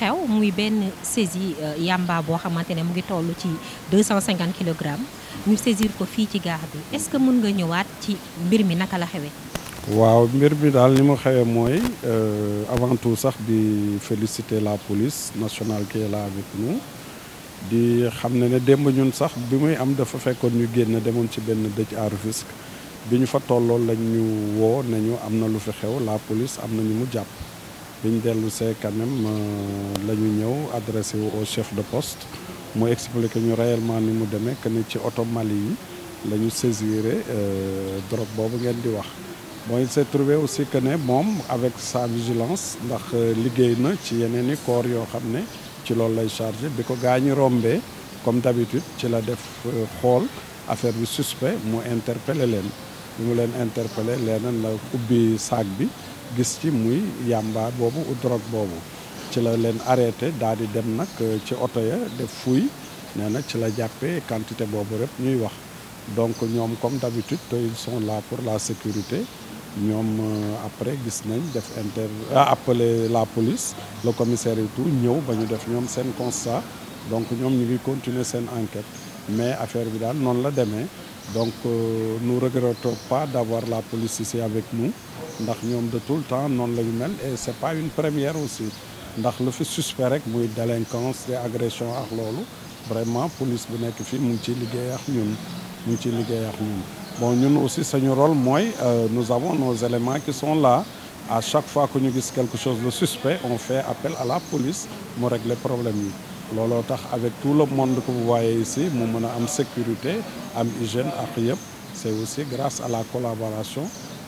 xew muy benn saisi euh, yamba boo xamante ne mu ngi toll ci 250 kilogrammes ñu saisir ko fii ci gaax bi est-ce que mën nga ñëwaat ci mbir mi naka la xewee. waaw mbir mi daal li mu xewee mooy euh, avant tout sax di féliciter la police nationale qui est là avec nous di xam ne ne démb ñun sax bi muy am dafa fekkoon ñu génn demoon ci benn dëj à bi ñu fa tolloo lañ ñu woo ne ñu am na lu fi xew la police am na ñu mu jàpp. bi ñu dellu see quand même euh, ñëw adressé au chef de poste mu expliqué ñu réellement ni mu que ni ci Mali yi la ñu saisiré euh, drogue boobu ngeen di wax. bon il s'est trouvé aussi que ne moom avec sa vigilance ndax euh, liggéey na ci yeneen corps yo xamné ne ci loolu lay chargé biko gañu rombé comme d'habitude ci la def xol affaire du suspect mu interpeller len bi len interpeller len leneen la sac bi gis ci muy yàmba boobu drogue bobu ci la len arrêté dal di dem nak euh, ci auto ya def fouy nee ci la jappé quantité bobu rep ñuy wax donc ñom comme d'habitude ils sont là pour la sécurité ñom euh, après gis nañ def inter euh, appeler la police le commissaire et tout ñëw bañu def ñom sen constat donc ñom ñu ngi continuer seen enquête mais affaire bi dal non la démé donc nous regrettons pas d'avoir la police ici avec nous ndax ñoom de tout le temps non les humains mel et c'est pas une première aussi Nous sommes fi suspect rek muy délinquance des agression ak loolu vraiment police est nekk fii ak bon ñun aussi rôle euh, nous avons nos éléments qui sont là à chaque fois que ñu quelque chose de suspect on fait appel à la police pour régler problème yi avec tout le monde que vous voyez ici nous avons a am sécurité am hygiène c'est aussi grâce à la collaboration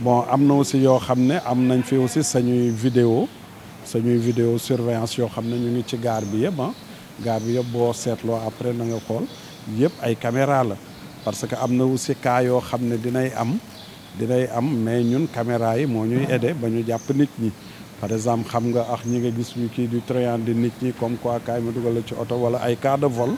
bon am na aussi yoo xam ne am nañ fi aussi sañuy vidéo sañuy vidéo surveillance yoo xam ne ñu ngi ci gaar bi yëpp ah gaar bi yëpp boo seetloo après na nga xool yëpp ay caméra la parce que am na aussi cas yoo xam ne dinay am dinay am mais ñun caméra yi moo ñuy aidé ba ñu jàpp nit ñi par exemple xam nga ak ah, ñi nga gis ñu kii di truandi nit ñi comme quoi kaay ma dugal ci oto wala ay cas de vol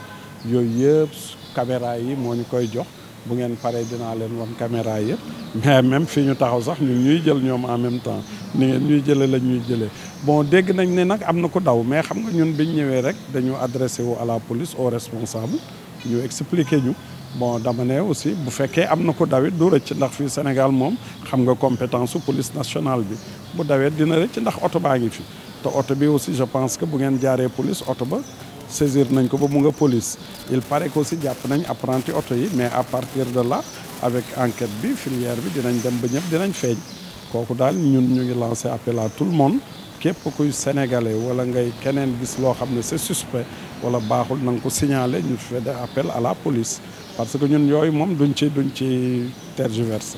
yooyu yëpp caméra yi moo ñu koy jox bu ngeen paree dinaa leen wan caméra yëpp mais même fi ñu taxaw sax ñun ñuy jël ñoom en même temps ni ngeen ñuy jëlee la ñuy jëlee bon dégg nañ ne nag am na ko daw mais xam nga ñun biñ ñëwee rek dañu adressé wu à la police au responsable ñu expliqué ñu bon dama ne aussi bu fekkee am na ko dawit du rëcc ndax fii Sénégal moom xam nga compétence police nationale bi bu dawet dina rëcc ndax oto baa ngi fi te oto bi aussi je pense que bu ngeen jaaree police oto ba saisir nañ ko ba nga police il paraît que aussi jàpp nañ apprenti auto, yi mais à partir de là avec enquête bi filière bi dinañ dem ba ñep dinañ feeñ kooku dal ñun ñu ngi lancer appel à tout le monde képp kuy sénégalais wala ngay kenen gis lo xamné ne c'est suspect wala baaxul na ko signaler ñu fait appel à la police parce que ñun yoy mom duñ ci duñ ci tergiverser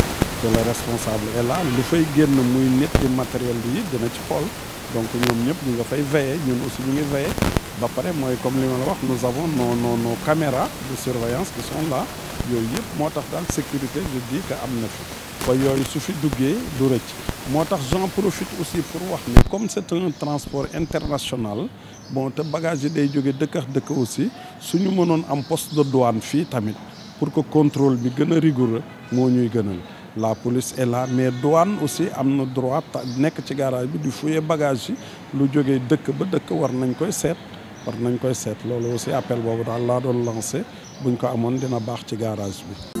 que le responsable est là lu fay génn muy nit di matériel bi dina ci donc nous sommes tous nga fay veiller ñun aussi ñu ngi D'après ba comme je l'ai nous avons nos nos nos caméras de surveillance qui sont là yooyu yëpp moo sécurité je dis que am na fi ba yooyu su fi duggee du rëcc moo tax j'en profite aussi pour wax que comme c'est un transport international bon te bagage yi day de dëkk ak dëkk aussi suñu mënoon am poste de douane pour que le contrôle soit gën rigoureux ñuy la police est là mais douane aussi am na droit nekk ci garage bi di fouiller bagage yi lu jógee dëkk ba dëkk war nañ koy seet war nañ koy seet loolu aussi appel boobu daal laa doon lancé buñ ko amoon dina baax ci garage bi